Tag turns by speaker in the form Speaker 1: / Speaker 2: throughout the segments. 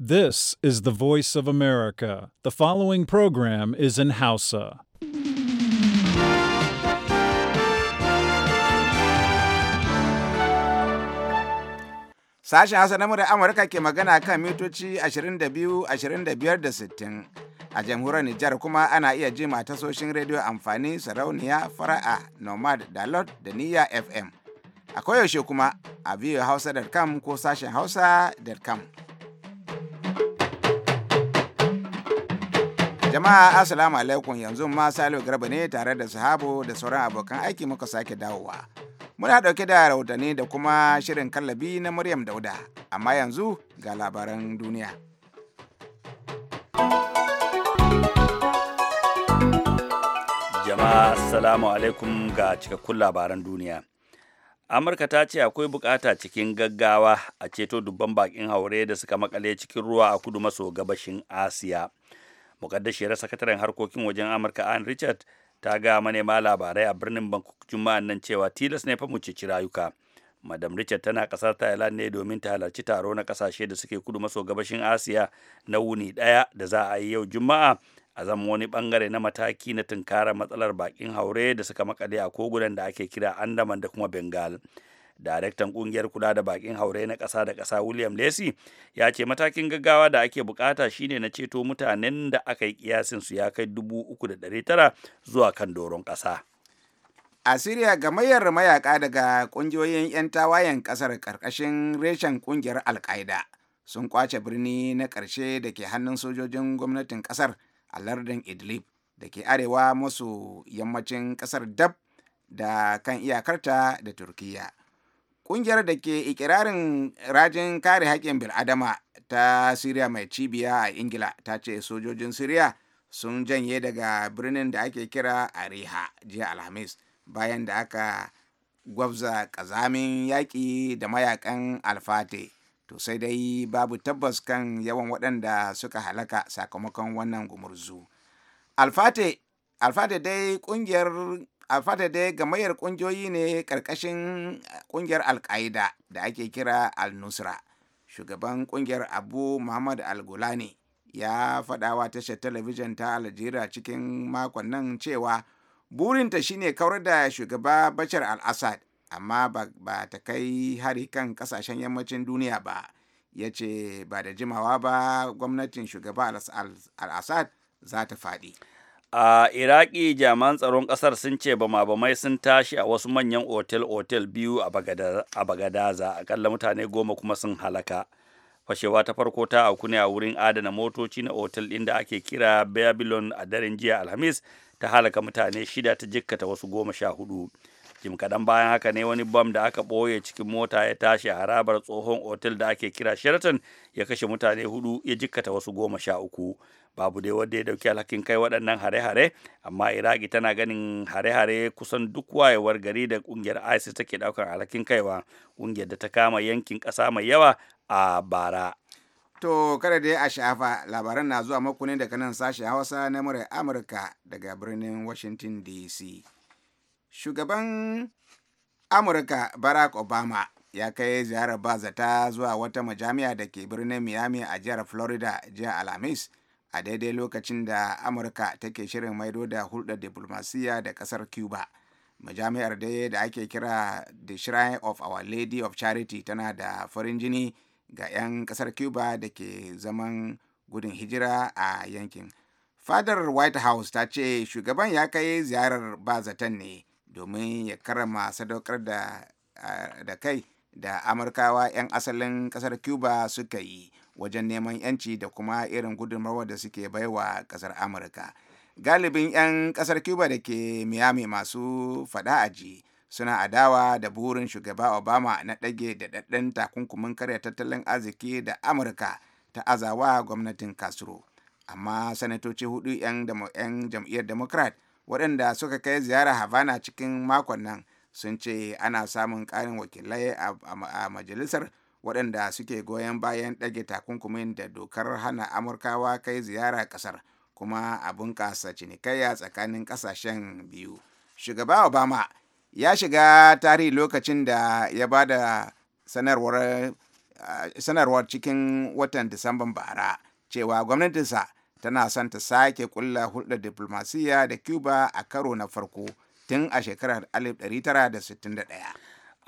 Speaker 1: This is the voice of America. The following program is in Hausa.
Speaker 2: Sashen Hausa na murar Amurka ke magana kan mitoci 22, 25 da 60. A jamhuriyar Nijar kuma ana iya ji tasoshin rediyo amfani sarauniya fara'a Nomad Dalot da Niyya FM. A koyaushe kuma a hausa.com ko sashen hausa.com. Jama'a Assalamu alaikum yanzu ma Salo Garba ne tare da Sahabo da sauran abokan aiki muka sake dawowa. Muna dauke da rahotanni da kuma shirin kallabi na Maryam Dauda, amma yanzu ga labaran duniya.
Speaker 3: Jama'a Assalamu alaikum ga cikakkun labaran duniya. Amurka ta ce akwai bukata cikin gaggawa a ceto dubban bakin haure da suka makale cikin ruwa a kudu maso gabashin Asiya. mukaddashiyar sakataren harkokin wajen amurka ann richard ta ga manema labarai a birnin bangkok juma'an nan cewa tilas ne fa mu ci rayuka madam richard tana kasar thailand ne domin ta halarci taro na kasashe da suke kudu maso gabashin asiya na wuni daya da za a yi yau juma'a a zama wani bangare na mataki na tunkarar matsalar bakin haure da suka makale a kogunan da ake kira andaman da kuma bengal daraktan kungiyar kula da bakin haure na ƙasa da ƙasa william Lacy ya ce matakin gaggawa da ake bukata shine na ceto mutanen da aka yi kiyasin su ya kai dubu uku da ɗari tara zuwa kan doron ƙasa
Speaker 2: a syria gamayyar mayaka daga kungiyoyin 'yan tawayen ƙasar ƙarƙashin reshen ƙungiyar alƙaida sun kwace birni na ƙarshe da ke hannun sojojin gwamnatin ƙasar a lardin idlib da ke arewa masu yammacin ƙasar dab da kan iyakarta da turkiyya kungiyar da ke ikirarin rajin kare haƙƙin bil'adama ta Siriya mai cibiya a Ingila ta ce sojojin Siriya sun janye daga birnin da ake kira Ariha jiya Alhamis bayan da aka gwabza ƙazamin yaƙi da mayakan alfate to sai dai babu tabbas kan yawan waɗanda suka halaka sakamakon wannan gumurzu alfate alfate dai ƙungiyar alfata dai gamayyar kungiyoyi ne karkashin kungiyar eh, alkaida da ake kira al-nusra shugaban kungiyar abu muhammad al-gulani ya faɗawa tashar talabijin ta aljira cikin makon nan cewa burinta shine kawar da shugaba bashar al-assad amma ba ta kai hari kan kasashen yammacin duniya ba ya ce ba da jimawa ba gwamnatin shugaba al-assad za ta faɗi
Speaker 3: a iraki jami'an tsaron kasar sun ce bama-bamai sun tashi a wasu manyan otel-otel biyu a bagadaza akalla mutane goma kuma sun halaka fashewa ta farko ta auku ne a wurin adana motoci na otel ɗin da ake kira babylon a daren jiya alhamis ta halaka mutane shida ta jikkata wasu goma sha hudu jim kaɗan bayan haka ne wani bam da aka ɓoye cikin mota ya tashi a harabar tsohon otel da ake kira sheraton ya kashe mutane hudu ya jikkata wasu goma sha uku babu dai wanda ya dauki alhakin kai waɗannan hare-hare amma iraki tana ganin hare-hare kusan duk wayewar gari da kungiyar isis take daukar alhakin kaiwa kungiyar da ta kama yankin ƙasa mai yawa a bara to
Speaker 2: kada dai a shafa labaran na zuwa muku ne daga nan sashen hausa na murar amurka daga birnin washington dc shugaban amurka barack obama ya kai ziyarar ba zata zuwa wata majami'a da ke birnin miami a jihar florida jiya alhamis a daidai lokacin da amurka take shirin maido da hulɗar diplomasiya da ƙasar cuba majami'ar dai da ake kira the shrine of our lady of charity tana da farin jini ga 'yan ƙasar cuba da ke zaman gudun hijira a yankin fadar white house ta ce shugaban ya kai ziyarar ba zaton ne domin ya karama sadaukar da, da kai da amurkawa 'yan asalin ƙasar cuba suka yi wajen neman yanci da kuma irin gudunmawar da suke baiwa kasar amurka galibin 'yan kasar cuba da ke miami masu fada aji suna adawa da burin shugaba obama na ɗage da ɗaɗɗen takunkumin karya tattalin arziki da amurka ta azawa gwamnatin castro amma sanatoci hudu 'yan jam'iyyar democrat waɗanda suka kai ziyara havana cikin makon nan sun ce ana samun ƙarin wakilai a majalisar waɗanda suke goyon bayan ɗage takunkumin da dokar hana amurkawa kai ziyara ƙasar kuma a bunƙasa cinikayya tsakanin ƙasashen biyu shugaba obama ya shiga tarihi lokacin da ya ba da sanarwar cikin watan disamban bara cewa gwamnatinsa tana son ta sake kulla hulɗar diplomasiya da cuba a karo na farko tun a shekarar 1961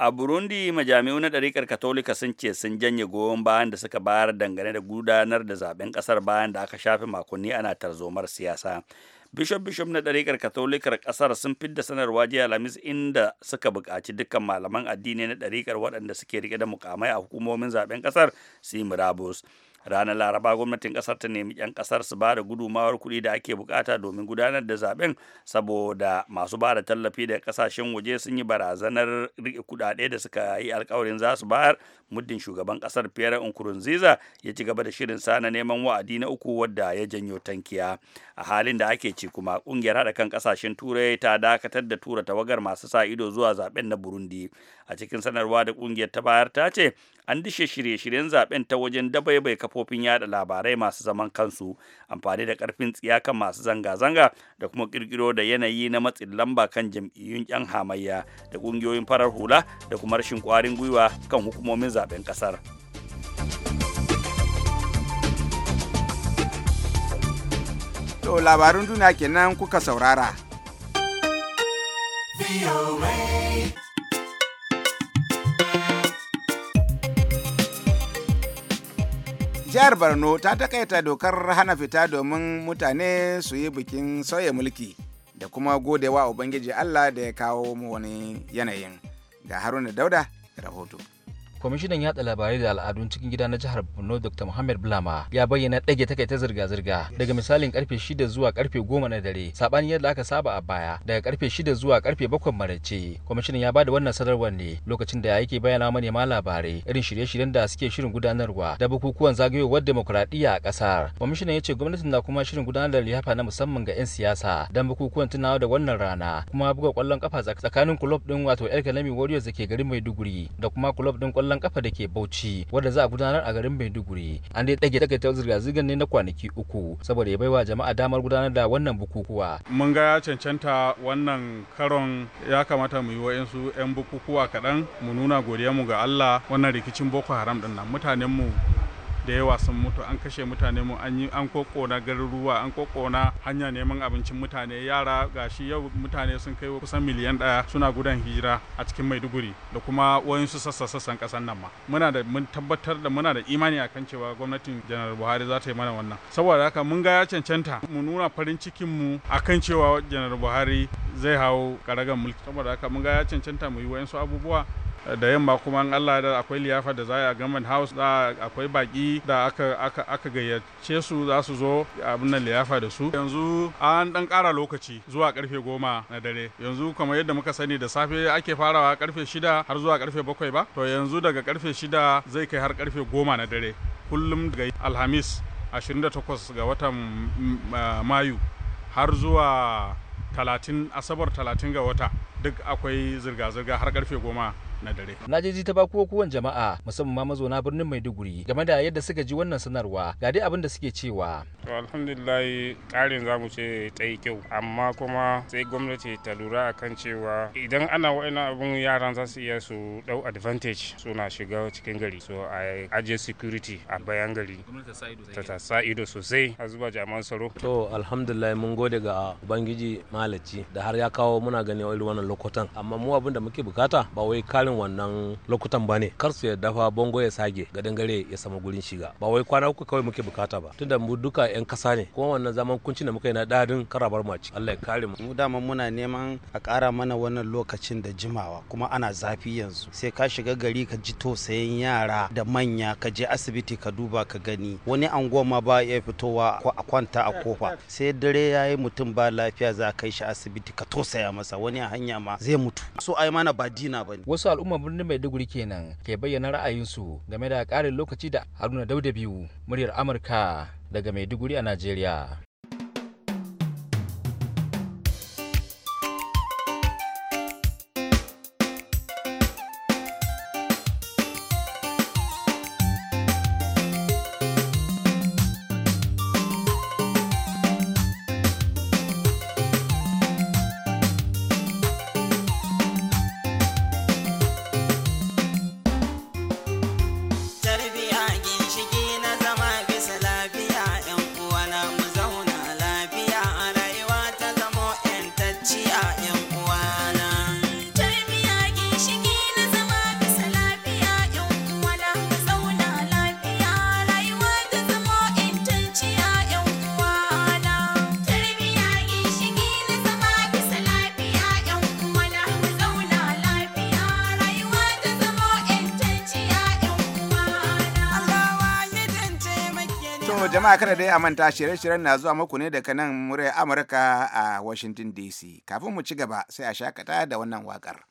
Speaker 3: a burundi majami'u na ɗariƙar katolika sun ce sun janye goyon bayan da suka bayar dangane da gudanar da zaben ƙasar bayan da aka shafe makonni ana tarzomar siyasa bishop bishop na ɗariƙar katolikar ƙasar sun fidda sanarwa jiya alhamis inda suka buƙaci dukkan malaman addini na ɗariƙar waɗanda suke rike da mukamai a hukumomin zaben ƙasar su yi murabus ranar laraba gwamnatin kasar ta nemi 'yan kasar su ba da gudumawar kuɗi da ake bukata domin gudanar da zaben saboda masu ba da tallafi da kasashen waje sun yi barazanar rike kuɗaɗe da suka yi alkawarin za su bayar muddin shugaban kasar pierre nkurunziza ya ci gaba da shirin sa na neman wa'adi na uku wadda ya janyo tankiya a halin da ake ci kuma ƙungiyar haɗa kan kasashen turai ta dakatar da tura tawagar masu sa ido zuwa zaben na burundi a cikin sanarwa da ƙungiyar ta bayar ta ce an dishe shirye-shiryen zaben ta wajen dabaibai kafofin yada labarai masu zaman kansu amfani da karfin kan masu zanga-zanga da kuma kirkiro da yanayi na matsin lamba kan jam'iyyun yan hamayya da kungiyoyin farar hula da kuma rashin kwarin gwiwa kan hukumomin zaben kasar
Speaker 2: to labarun duniya kenan kuka saurara. jihar borno ta takaita dokar hana fita domin mutane su yi bikin sauya mulki da kuma godewa ubangiji allah da ya kawo mu wani yanayin ga haruna dauda rahoto
Speaker 4: kwamishinan yada labarai da al'adun cikin gida na jihar borno dr muhammad bulama ya bayyana ɗage ta ta zirga-zirga daga misalin karfe 6 zuwa karfe 10 na dare Saɓani yadda aka saba a baya daga karfe 6 zuwa karfe 7 marace kwamishinan ya ba da wannan sadarwar ne lokacin da yake bayyana manema labarai irin shirye-shiryen da suke shirin gudanarwa da bukukuwan zagayowar demokuraɗiyya a ƙasar kwamishinan ya ce gwamnatin na kuma shirin gudanar da liyafa na musamman ga 'yan siyasa don bukukuwan tunawa da wannan rana kuma buga kwallon kafa tsakanin kulob ɗin wato el kalami warriors da ke garin maiduguri da kuma kulob ɗin kwallon kwallon kafa da ke Bauchi wanda za a gudanar a garin Maiduguri. An dai dage takaita zirga-zirgar ne na kwanaki uku saboda ya baiwa jama'a damar gudanar da wannan bukukuwa.
Speaker 1: Mun ga ya cancanta wannan karon ya kamata mu yi wa'insu 'yan bukukuwa kaɗan mu nuna mu ga Allah wannan rikicin Boko Haram ɗin nan mutanen mu da yawa sun mutu an kashe mutane mu an yi an kokona garuruwa an kokona hanya neman abincin mutane yara gashi yau mutane sun kai kusan miliyan ɗaya suna gudan hijira a cikin maiduguri da kuma su sassa sassan kasan nan ma muna da mun tabbatar da muna da imani akan cewa gwamnatin janar buhari za ta yi mana wannan saboda haka mun ga ya cancanta mu nuna farin cikin mu akan cewa janar buhari zai hawo karagan mulki saboda haka mun ga ya cancanta mu yi wayansu abubuwa da yamma kuma Allah da akwai liyafa da za a gaman house da akwai baki da aka gayyace su za su zo abin nan liyafa da su yanzu an dan kara lokaci zuwa karfe goma na dare yanzu kamar yadda muka sani da safe ake farawa karfe shida har zuwa karfe bakwai ba to yanzu daga karfe shida zai kai har karfe goma na dare kullum daga alhamis 28 ga watan mm, ah, mayu har zuwa talatin asabar talatin ga wata duk akwai zirga-zirga har karfe goma na dare.
Speaker 4: Na je ji ta jama'a musamman ma mazauna birnin Maiduguri game da yadda suka ji wannan sanarwa ga dai abin da suke cewa.
Speaker 1: To alhamdulillah ƙarin zamu ce ta yi kyau amma kuma sai gwamnati ta lura a kan cewa idan ana wa'ina abun yaran za su iya su dau advantage suna shiga cikin gari so a aje security a bayan gari.
Speaker 4: Ta sa ido sosai a zuba jami'an tsaro. To alhamdulillah mun gode ga Ubangiji Malaci da har ya kawo muna ganin wannan lokutan amma mu abin da muke bukata ba wai kalin. irin wannan lokutan ba ne kar su yadda fa bango ya sage gadon gare ya samu gurin shiga ba wai kwana uku kawai muke bukata ba tunda mu duka yan kasa ne kuma wannan zaman kunci da muka yi na dadin karabar mace Allah ya kare mu mu dama muna neman a kara mana wannan lokacin da jimawa kuma ana zafi yanzu sai ka shiga gari ka ji tosayen yara da manya ka je asibiti ka duba ka gani wani anguwa ma ba ya fitowa a kwanta a kofa sai dare yayi mutum ba lafiya za kai shi asibiti ka tosaya masa wani a hanya ma zai mutu so ai mana ba dina ba wasu al'umma birnin maiduguri kenan ke bayyana ra'ayinsu game da ƙarin lokaci da haruna dauda biyu muryar amurka daga maiduguri a najeriya
Speaker 2: jama'a kada dai a manta shirye-shiryen na zuwa muku ne daga nan muryar amurka a washington dc kafin mu ci gaba sai a shakata da wannan wakar.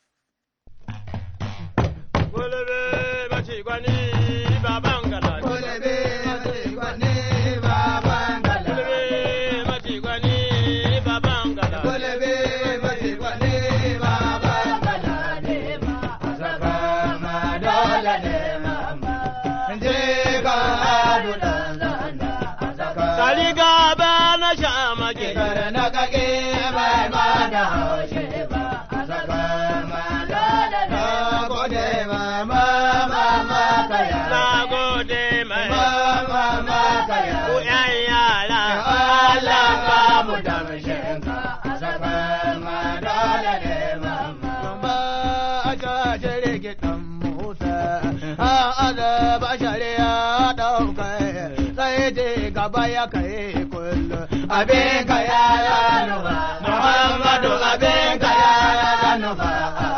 Speaker 2: Gwalebe bachi, gwani baba
Speaker 5: 'yan yara. Allah ba mu damshin ka, azabar ma dole ne mamma. Ba a jaje rege Musa, a azaba shari'a ɗaukai, sai je gaba ya kai kullum. Abin ka yara nufa, Muhammadu
Speaker 6: abin ka yara nufa.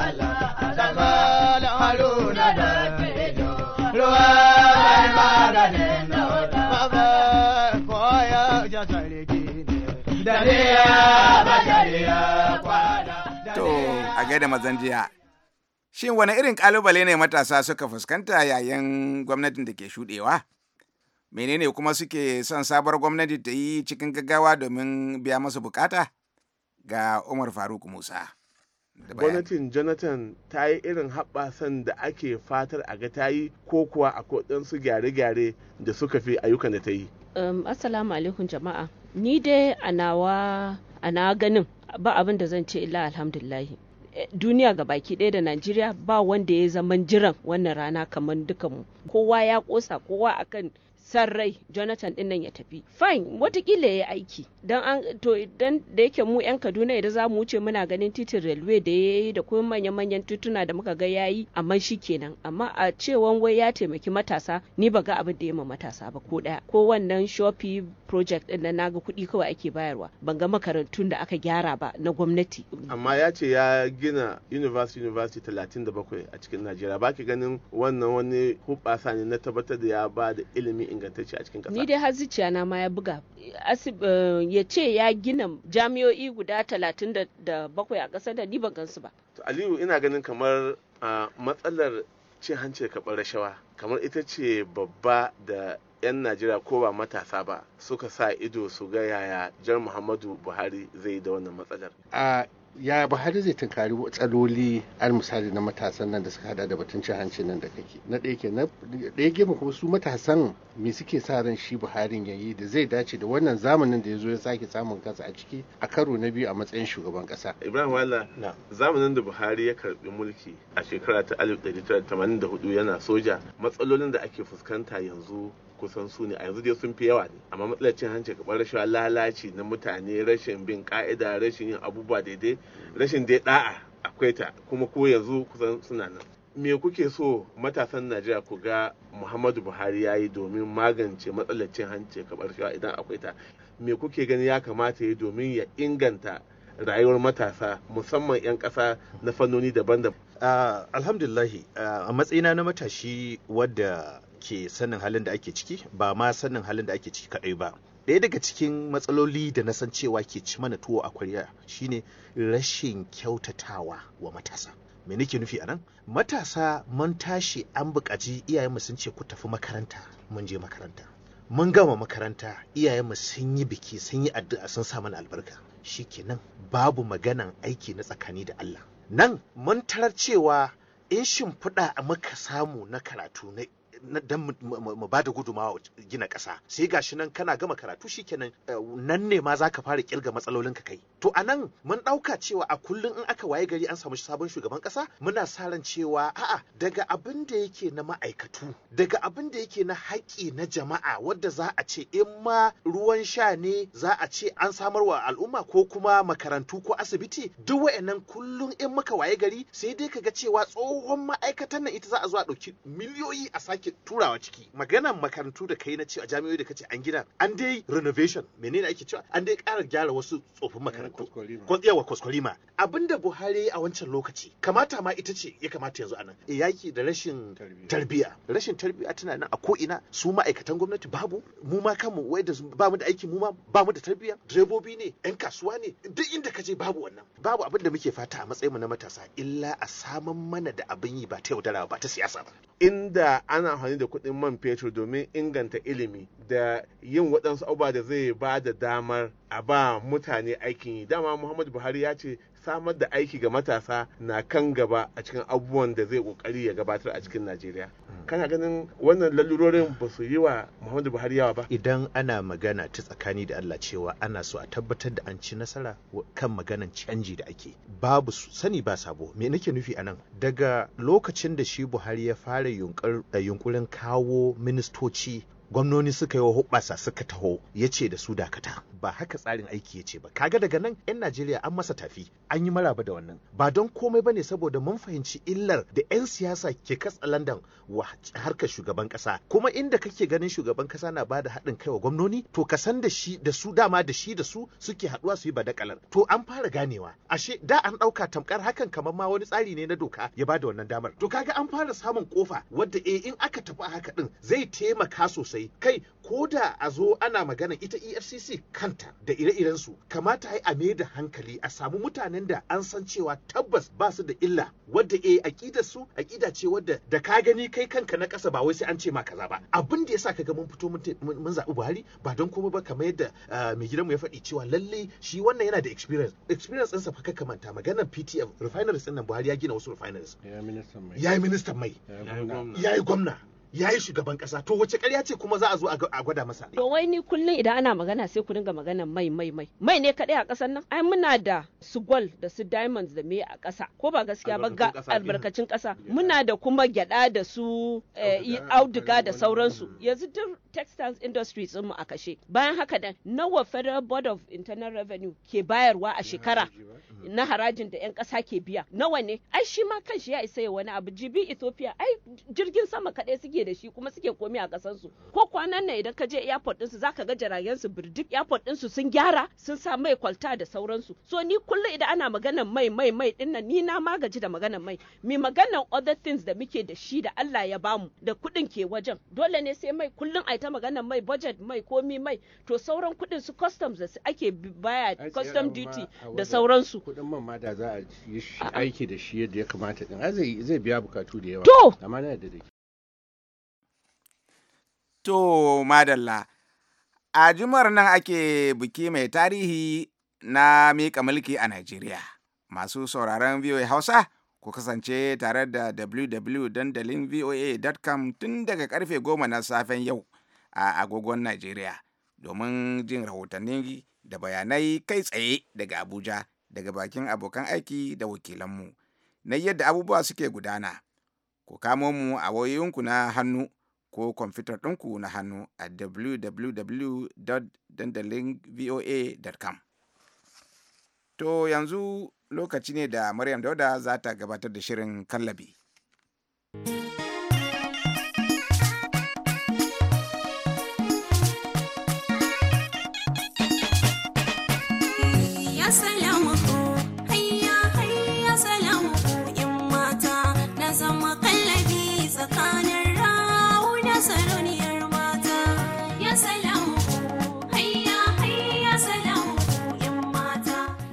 Speaker 2: To, a gaida mazan jiya. Shin wani irin kalubale ne matasa suka fuskanta yayin gwamnatin da ke shuɗewa? Menene kuma suke son sabar gwamnati ta yi cikin gaggawa domin biya masu bukata? Ga Umar Faruk Musa. gwamnatin jonathan ta yi irin haɓasan da
Speaker 7: ake fatar a ga ta yi ko kuwa a su gyare-gyare da suka fi ayyukan da ta yi
Speaker 8: Um, assalamu alaikum jama'a. Ni dai a nawa ganin ba abin da zan ce illa alhamdulillahi. Eh, duniya ga baki ɗaya da Najeriya ba wanda ya zaman jiran wannan rana kamar dukanmu. Kowa ya kosa kowa akan sarrai jonathan ɗinnan ya tafi fine watakila ya yi aiki don da yake mu yan kaduna idan za mu wuce muna ganin titin railway da ya yi da kuma manyan manyan tituna da muka ga ya yi amma shi kenan amma a cewan wai ya taimaki matasa ni ba ga abin da ya ma matasa ba ko ɗaya ko wannan shofi. project din nan naga kuɗi kawai ake bayarwa ban ga makarantun da aka gyara ba na gwamnati
Speaker 7: amma ya ce ya gina university university 37 a cikin Najeriya ba ki ganin wannan wani hubasa ne na tabbatar da ya ba da ilimi ingantacce a cikin kasa
Speaker 8: ni dai har zuciya na ma ya buga eh, ya ce ya gina jami'o'i guda 37 a ƙasar da ni ban gansu ba
Speaker 7: Aliyu ina ganin kamar ah, matsalar cin hanci da rashawa kamar ita ce babba da 'yan najeriya ko ba matasa ba suka sa ido su ga yaya jar muhammadu buhari zai da wannan matsalar
Speaker 5: a ya buhari zai tunkari Tsaloli, al misali na matasan nan da suka hada da batun cin hanci nan da kake na ɗaya ke na ɗaya kuma su matasan me suke sa ran shi Buhari ya yi da zai dace da wannan zamanin da ya zo ya sake samun kansa a ciki a karo na biyu a matsayin shugaban
Speaker 7: ƙasa. ibrahim wala zamanin da buhari ya karbi mulki a shekara ta 1984 yana soja matsalolin da ake fuskanta yanzu kusan su ne a yanzu dai sun fi yawa ne amma matsalar cin hanci kamar rashin lalaci na mutane rashin bin ka'ida rashin yin abubuwa daidai rashin dai da'a akwai ta kuma ko yanzu kusan suna nan me kuke so matasan najeriya ku ga muhammadu buhari ya yi domin magance matsalar cin hanci kamar shawa idan akwai ta me kuke gani ya kamata ya domin ya inganta rayuwar matasa musamman 'yan kasa na fannoni daban-daban ah, alhamdulahi ah, a
Speaker 5: matsayina na matashi wadda ke sanin halin da ake ciki ba ma sanin halin da ake ciki kadai ba ɗaya daga cikin matsaloli da na san cewa ke ci mana tuwo a kwariya shine rashin kyautatawa wa matasa me nake nufi anan matasa mun tashi an buƙaci mu sun ce ku tafi makaranta mun je makaranta mun gama makaranta mu sun yi biki sun yi addu'a sun sa mana albarka shikenan babu maganan aiki na tsakani da Allah nan mun tarar cewa in shimfiɗa muka samu na karatu na dan mu ba da gudumawa gina ƙasa sai gashi nan kana gama karatu shikenan eh, nan ne ma zaka fara kirga matsalolin ka kai to anan mun ɗauka cewa a kullum in aka waye gari an samu sabon shugaban ƙasa muna sa ran cewa a'a daga abin da yake na ma'aikatu daga abin da yake na haƙƙi na jama'a wadda za a ce in ma ruwan sha ne za a ce an samar wa al'umma ko kuma makarantu ko asibiti duk wa'annan kullum in muka waye gari sai dai kaga cewa tsohon ma'aikatan nan ita za a zo a ɗauki miliyoyi a sake turawa ciki maganan makarantu da kai na ce a jami'o'i da kace an gina an dai renovation menene ake cewa an dai ƙara gyara wasu tsofin makarantu tsiyawa kwaskwarima abinda Buhari a wancan lokaci kamata ma ita ce ya kamata yanzu anan e eh, yaki da rashin tarbiya rashin tarbiya tana nan a ko ina su ma'aikatan gwamnati babu mu ma kanmu wai da ba mu da aiki mu ma ba mu da tarbiya direbobi ne yan kasuwa ne duk inda ka je babu wannan babu abin da muke fata a matsayin mu na matasa illa a saman mana da abin yi ba ta yaudara ba ta
Speaker 7: siyasa ba inda ana amfani da kuɗin man fetur domin inganta ilimi da yin waɗansu abubuwa da zai ba da damar a ba mutane aikin yi dama muhammadu buhari ya ce samar da aiki ga matasa na kan gaba a cikin abubuwan da zai kokari ya gabatar a cikin najeriya hmm. kana ganin wannan lalurorin ba su yi wa muhammadu buhari yawa ba idan
Speaker 5: ana magana ta tsakani da allah cewa ana so a tabbatar da an ci nasara kan maganan canji da ake babu sani ba sabo me nake nufi anan daga lokacin da shi buhari ya fara yunkurin eh, kawo ministoci gwamnoni suka yi hubasa suka taho ya ce da su dakata ba haka tsarin aiki ya ce ba kaga daga nan 'yan najeriya an masa tafi an yi maraba da wannan ba don komai ba ne saboda mun fahimci illar da 'yan siyasa ke katsa landan wa harkar shugaban kasa kuma inda kake ganin shugaban kasa na bada haɗin kai wa gwamnoni to ka san da shi da su dama da shi da su suke haɗuwa su yi badakalar to an fara ganewa ashe da an ɗauka tamkar hakan kamar ma wani tsari ne na doka ya ba da wannan damar to kaga an fara samun kofa wadda eh in aka tafi a haka din zai taimaka sosai sosai kai ko da a zo ana magana ita efcc kanta da ire iren su. kamata a da hankali a samu mutanen da an san cewa tabbas ba su da illa wadda e aƙidar su aƙida ce wadda da ka gani kai kanka na kasa ba wai sai an ce ma kaza ba abin da yasa kaga mun fito mun zabi Buhari ba don komai ba kamar yadda ah, mai gidanmu ya faɗi cewa lalle shi wannan yana da experience experience ɗinsa fa kaka manta maganar PTF refineries ɗin nan Buhari ya gina wasu refineries ya yi ministan mai ya yi gwamna ya yi shugaban kasa to wace karya ce kuma za a zo a gwada masa
Speaker 8: to wai ni kullum idan ana magana sai ku dinga magana mai mai mai mai ne kadai a kasar nan ai muna da su gold da su diamonds da me a kasa ko ba gaskiya ba ga albarkacin kasa muna da kuma gyada da su eh, auduga da sauransu yanzu duk textiles industry sun mu a kashe bayan haka dan nawa federal board of internal revenue ke bayarwa a shekara hmm. na harajin da yan kasa ke biya nawa ne ai shi ma kanshi ya isa ya wani abu jibi ethiopia ai jirgin sama kadai suke suke da shi kuma suke komi a kasan su ko kwanan nan idan ka je airport din su zaka ga jiragen su birdik airport din su sun gyara sun sa mai kwalta da sauran su so ni kullu idan ana maganar mai mai mai din nan ni na magaji da maganar mai mi maganar other things da muke da shi da Allah ya bamu da kudin ke wajen dole ne sai mai kullun ai ta maganar mai budget mai komi mai to sauran kudin su customs da su ake baya custom duty da sauran su kudin
Speaker 2: man ma da za a yi aiki da shi yadda ya kamata din zai biya bukatu da yawa amma na yadda To madalla, a jumar nan ake biki mai tarihi na mika mulki a Najeriya. Masu sauraron VOA Hausa, ku kasance tare da www.dandalinvoa.com tun daga karfe goma na safen yau a agogon Najeriya domin jin rahotanni da bayanai kai tsaye daga Abuja daga bakin abokan aiki da wakilanmu na yadda abubuwa suke gudana. Ku kamo mu a wayoyinku na hannu. ko kwamfutar ɗinku na hannu a www.dandalinvoa.com. To yanzu lokaci ne da Maryam Dauda za ta gabatar da shirin kallabi.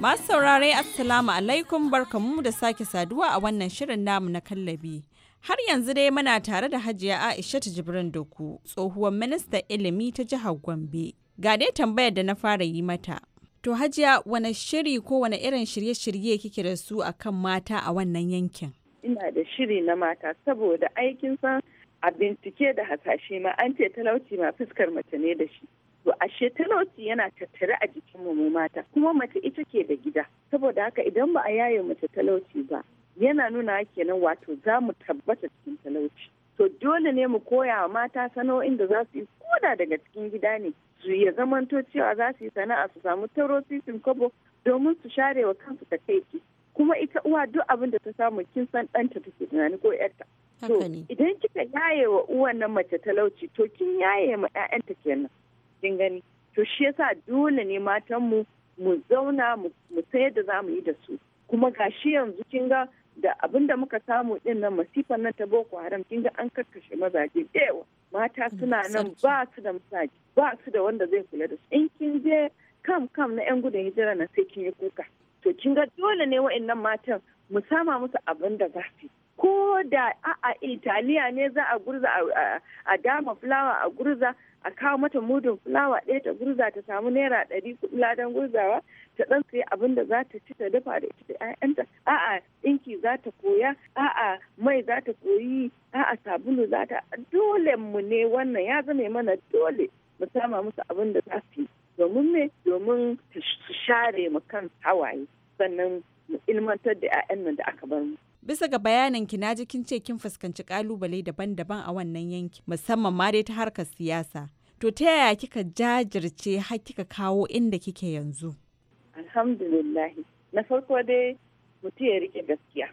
Speaker 6: Masu saurare Assalamu alaikum barkamu da sake saduwa a wannan shirin namu na kallabi. Har yanzu dai muna tare da Hajiya Aisha ta Jibrin Doku, tsohuwar minista ilimi ta jihar Gombe. Ga dai tambayar da na fara yi mata. To Hajiya, wane shiri ko wane irin shirye-shirye kike da su akan mata a wannan yankin?
Speaker 9: Ina da shiri na mata saboda aikin san a bincike da hasashe ma an ce talauci ma fuskar mace ne da shi. to ashe talauci yana tattare a jikin mu mata kuma mace ita ke da gida saboda haka idan ba a yaye mace talauci ba yana nuna kenan wato za mu tabbata cikin talauci to dole ne mu koya wa mata sana'o'in da za su yi koda daga cikin gida ne su ya zamanto cewa za su yi sana'a su samu taro sisin kobo domin su share wa kansu ta kai kuma ita uwa duk abin da ta samu kin san ɗanta take tunani ko yarta to idan kika yaye wa uwan nan mace talauci to kin yaye ma 'ya'yanta kenan kin gani to shi yasa dole ne matanmu mu zauna mu san yadda za mu yi da su kuma ga shi yanzu kin ga da abin da muka samu din nan masifan nan ta boko haram kin ga an karkashe mazaje ewa mata mm, suna nan ba su da masaji ba su da wanda zai kula da su in kin je kam kam na yan gudun hijira na sai kin yi kuka to kin ga dole ne wa'annan matan mu sama musu abin da za su ko da a italiya ne za a gurza a dama fulawa a gurza a kawo mata mudun fulawa ɗaya ta gurza ta samu naira ɗari kuɗi ladan gurzawa ta ɗan sai abin da za ta ci ta dafa da ita ƴaƴanta a'a ɗinki za ta koya a'a mai za ta koyi a'a sabulu za ta dole mu ne wannan ya zame mana dole mu sama musu abin da za su yi domin me domin su share mu kan hawaye sannan mu ilmantar da ƴaƴan nan da aka bar mu.
Speaker 6: Bisa ga bayanin ki na kin ce kin fuskanci kalubale daban-daban a wannan yanki musamman ma dai ta harkar siyasa. To ta yaya kika jajirce har kika kawo inda kike yanzu?
Speaker 9: Alhamdulillah. Na farko dai mutum ya rike gaskiya.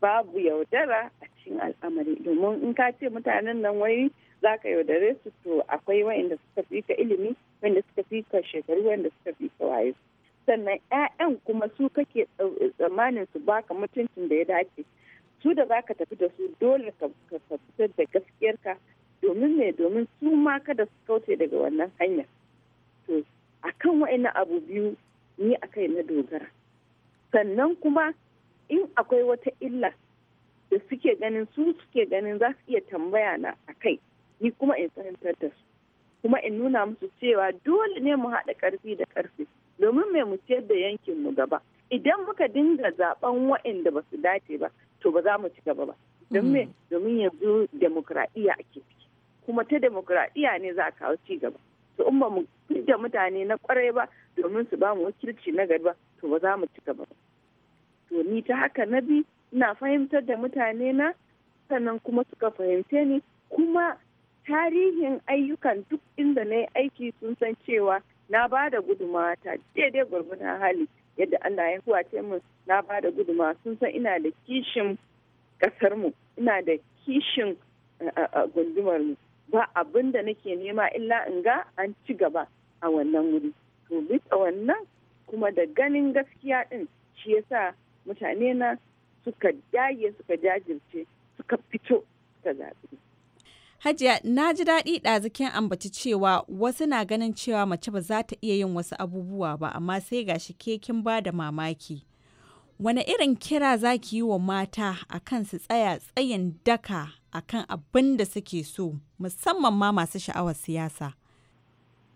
Speaker 9: Babu yaudara a cikin al'amari domin in ka ce mutanen nan wai za ka yaudare su to akwai wa'inda suka fi ka ilimi, wa'inda suka fi ka shekaru, wa'inda suka fi ka wayo. sannan 'ya'yan kuma su kake tsammanin su baka mutuncin da ya dace su da za tafi da su dole ka fitar da gaskiyarka domin ne domin su ma kada su kauce daga wannan hanya to a akan wa'ina abu biyu ni a kai na dogara sannan kuma in akwai wata illa da suke ganin su suke ganin za su iya tambaya na a kai ni kuma in fahimtar da su kuma in nuna musu cewa dole ne mu haɗa ƙarfi da ƙarfi domin mai mu ciyar da yankin mu gaba idan muka dinga zaben waɗanda ba su dace ba to ba za mu ci gaba ba don me mm. domin yanzu demokradiya ake ciki kuma ta demokradiya ne za a kawo ci gaba to in ba mu fidda mutane na kwarai ba domin su ba mu wakilci na gaba to ba za mu ci gaba ba to ni ta haka na bi ina fahimtar da mutane na sannan kuma suka fahimce ni kuma tarihin ayyukan duk inda na yi aiki sun san cewa na ba da guduma ta daidai gwargwadon hali yadda Allah ya huwace min na ba da guduma sun san ina da kishin kasar ina da kishin eh, eh, eh, gundumarmu ba abin da nake nema illa in ga an ci gaba a wannan wuri to bisa wannan kuma da ganin gaskiya din shi yasa mutane na suka daye suka jajirce suka fito suka zaɓi
Speaker 6: Hajiya na ji daɗi ɗazikin ambaci cewa wasu na ganin cewa mace ba za ta iya yin wasu abubuwa ba amma sai gashi shi kekin ba da mamaki. Wane irin kira za ki yi wa mata a kan su tsaya tsayin daka a kan abin da suke so musamman ma masu sha'awar siyasa?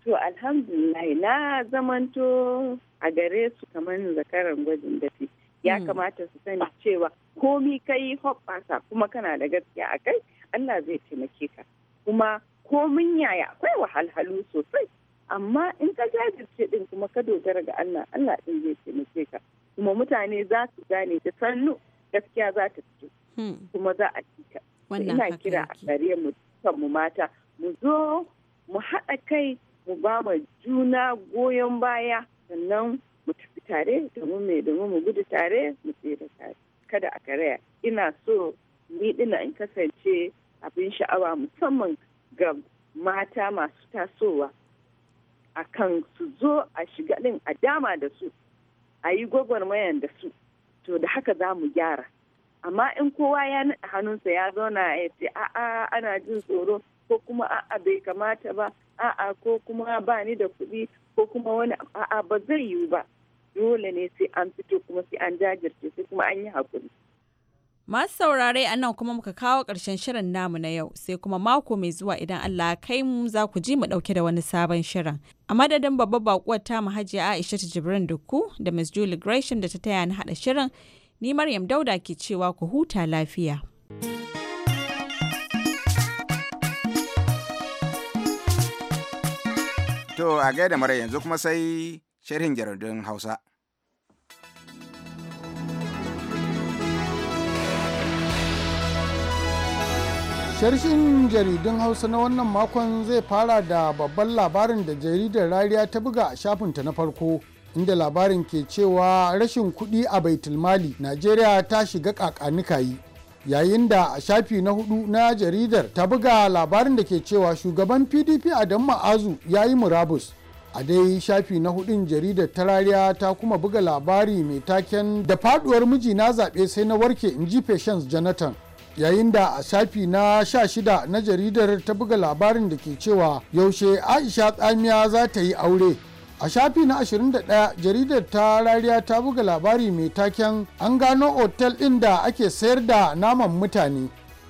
Speaker 9: To alhamdulillah na zamanto a gare su kamar zakaran gwajin dafi. Ya hmm. kamata su sani cewa komi kai hoppasa kuma kana da gaskiya a kai. Allah zai taimake ka kuma komin yaya akwai wahalhalu sosai amma in ka jajirce din kuma ka dogara ga Allah Allah din zai taimake ka kuma mutane za su gane ta sannu gaskiya za ta fito hmm. kuma za a cika ina kira a gare mu mu mata mu zo mu haɗa kai mu ba mu juna goyon baya sannan mu tafi tare da mu mai da mu gudu tare mu tsira tare kada a karaya ina so ni dina in kasance abin sha'awa musamman ga mata masu tasowa a kan su zo a shiga ɗin a dama da su a yi gwagwarmayan da su to da haka za mu gyara amma in kowa ya naɗa hannunsa ya zauna ya ce a'a ana jin tsoro ko kuma a'a bai kamata ba a'a ko kuma ba ni da kuɗi ko kuma wani a'a ba zai yiwu ba dole ne sai an fito kuma sai an jajirce sai kuma an yi hakuri
Speaker 6: Masu saurare a nan kuma muka kawo karshen shirin namu na yau sai kuma mako mai zuwa idan Allah kai mu za ku ji mu ɗauke da wani sabon shirin. A madadin babbar baƙuwar ta mu hajiya Aisha ta Jibrin Dukku da Miss Julie Gresham da ta taya ni haɗa shirin, ni Maryam Dauda ke cewa ku huta lafiya.
Speaker 2: To a gaida mara yanzu kuma sai shirin jaridun Hausa.
Speaker 10: Sharshin jaridun Hausa na wannan makon zai fara da babban labarin da jaridar rariya ta buga a shafinta na farko. inda labarin ke cewa rashin kuɗi a baitulmali najeriya ta shiga yi. yayin da a shafi na hudu na jaridar ta buga labarin da ke cewa shugaban pdp adam ma'azu ya yi murabus a dai shafi na hudun jaridar ta rariya ta kuma buga labari mai taken da faduwar mijina zaɓe sai na warke in ji patience jonathan yayin da a shafi na 16 na jaridar ta buga labarin da ke cewa yaushe aisha tsamiya za ta yi aure a shafi na 21 jaridar ta rariya ta buga labari mai taken an gano otel ɗin da ake sayar da naman mutane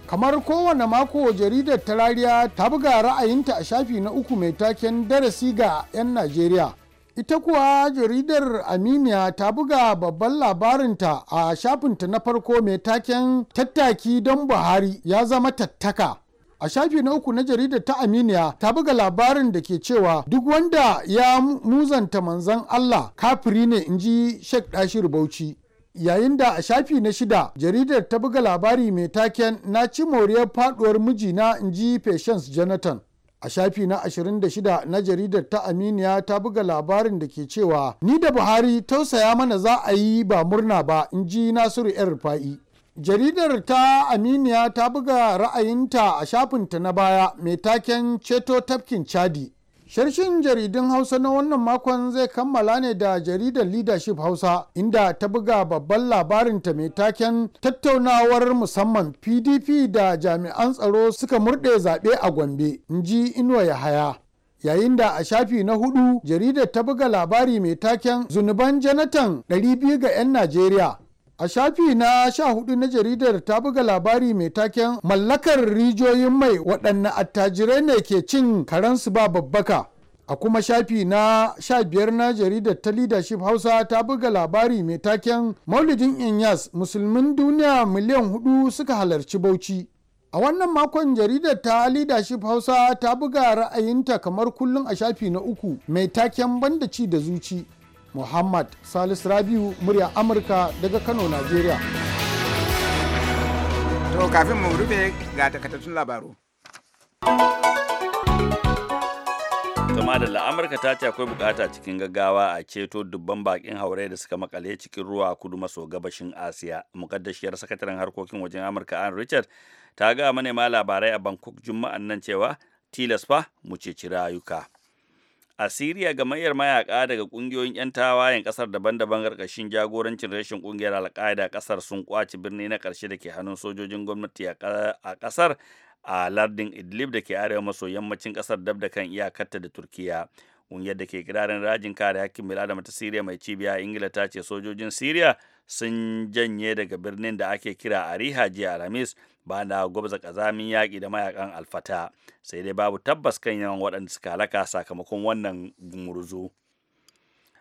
Speaker 10: kamar kowane mako jaridar ta rariya ta buga ra'ayinta a shafi na uku mai taken darasi ga 'yan najeriya Ita kuwa jaridar Aminiya ta buga babban labarinta a shafinta na farko mai taken tattaki don Buhari ya zama tattaka. a shafi na uku na jaridar ta aminiya ta buga labarin da ke cewa duk wanda ya muzanta manzan allah kafiri ne in ji shek dashir bauchi yayin da a shafi na shida jaridar ta buga labari mai taken na ci moriyar faduwar mijina in ji patience jonathan a shafi na 26 na jaridar ta aminiya ta buga labarin da ke cewa ni da buhari tausaya mana za a yi ba murna ba in ji nasiru yan rufa'i jaridar ta aminiya ta buga ra'ayinta a shafinta na baya mai taken ceto tafkin chadi Sharshin jaridun Hausa na wannan makon zai kammala ne da jaridar Leadership Hausa inda ta buga babban labarin ta mai taken tattaunawar musamman PDP da jami'an tsaro suka murɗe zaɓe a Gombe, in ji Inuwa haya yayin da a shafi na hudu jaridar ta buga labari mai taken zunuban janatan 200 ga 'yan najeriya A shafi na sha hudu na jaridar ta buga labari mai taken mallakar rijiyoyin mai waɗanne attajirai ne ke cin karensu ba babbaka. A kuma shafi na sha biyar na jaridar ta leadership Hausa ta buga labari mai taken Maulidin Inyas musulmin duniya miliyan hudu suka halarci Bauchi. A wannan makon jaridar ta leadership Hausa ta buga ra'ayinta kamar kullum a shafi na uku mai taken banda ci da zuci. Muhammad Salisu Rabiu murya Amurka daga Kano, Najeriya.
Speaker 2: To kafin mu rufe ga takatattun labaru.
Speaker 3: Kama da Amurka ta ce akwai bukata cikin gaggawa a ceto dubban bakin haure da suka makale cikin ruwa kudu maso gabashin Asiya. Mukaddashiyar sakataren harkokin wajen Amurka Ann Richard ta ga manema labarai a Bangkok juma'an nan cewa tilas fa mu ceci rayuka. a Siriya gamayyar mayaka daga kungiyoyin 'yan tawayen kasar daban-daban karkashin jagorancin rashin kungiyar alƙaida kasar sun kwaci birni na ƙarshe da ke hannun sojojin gwamnati a ƙasar a lardin Idlib da ke arewa maso yammacin ƙasar dab da kan iyakarta da Turkiya. Kungiyar da ke kirarin rajin kare hakkin bil'adama ta Siriya mai cibiya Ingila ta ce sojojin Siriya sun janye daga birnin da ake kira Ariha jiya Alhamis ba da gwabza kazamin yaƙi da mayakan alfata sai dai babu tabbas kan yawan waɗanda suka halaka sakamakon wannan gumurzu.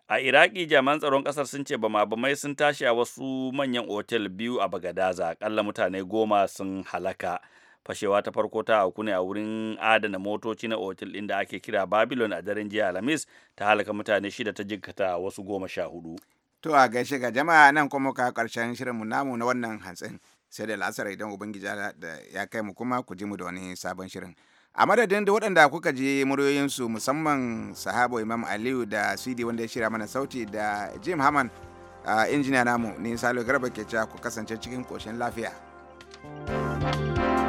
Speaker 3: a iraki jami'an tsaron ƙasar sun ce bama-bamai sun tashi a wasu manyan otel biyu a bagadaza ƙalla mutane goma sun halaka fashewa ta farko ta auku ne a wurin adana motoci na otel ɗin da ake kira babylon a daren jiya alhamis ta halaka mutane shida ta jikkata wasu goma sha hudu
Speaker 2: To a gaishe ga jama'a nan kuma ka karshen mu namu na wannan hantsin sai da la'asar idan Ubangiji da ya kai mu kuma ku ji mu da wani sabon shirin. A madadin da waɗanda kuka ji muryoyinsu musamman sahabo Imam Aliyu da Sidi wanda ya shirya mana sauti da Jim Haman injiniya namu ni Salo Garba ke cewa ku kasance cikin koshin lafiya. thank you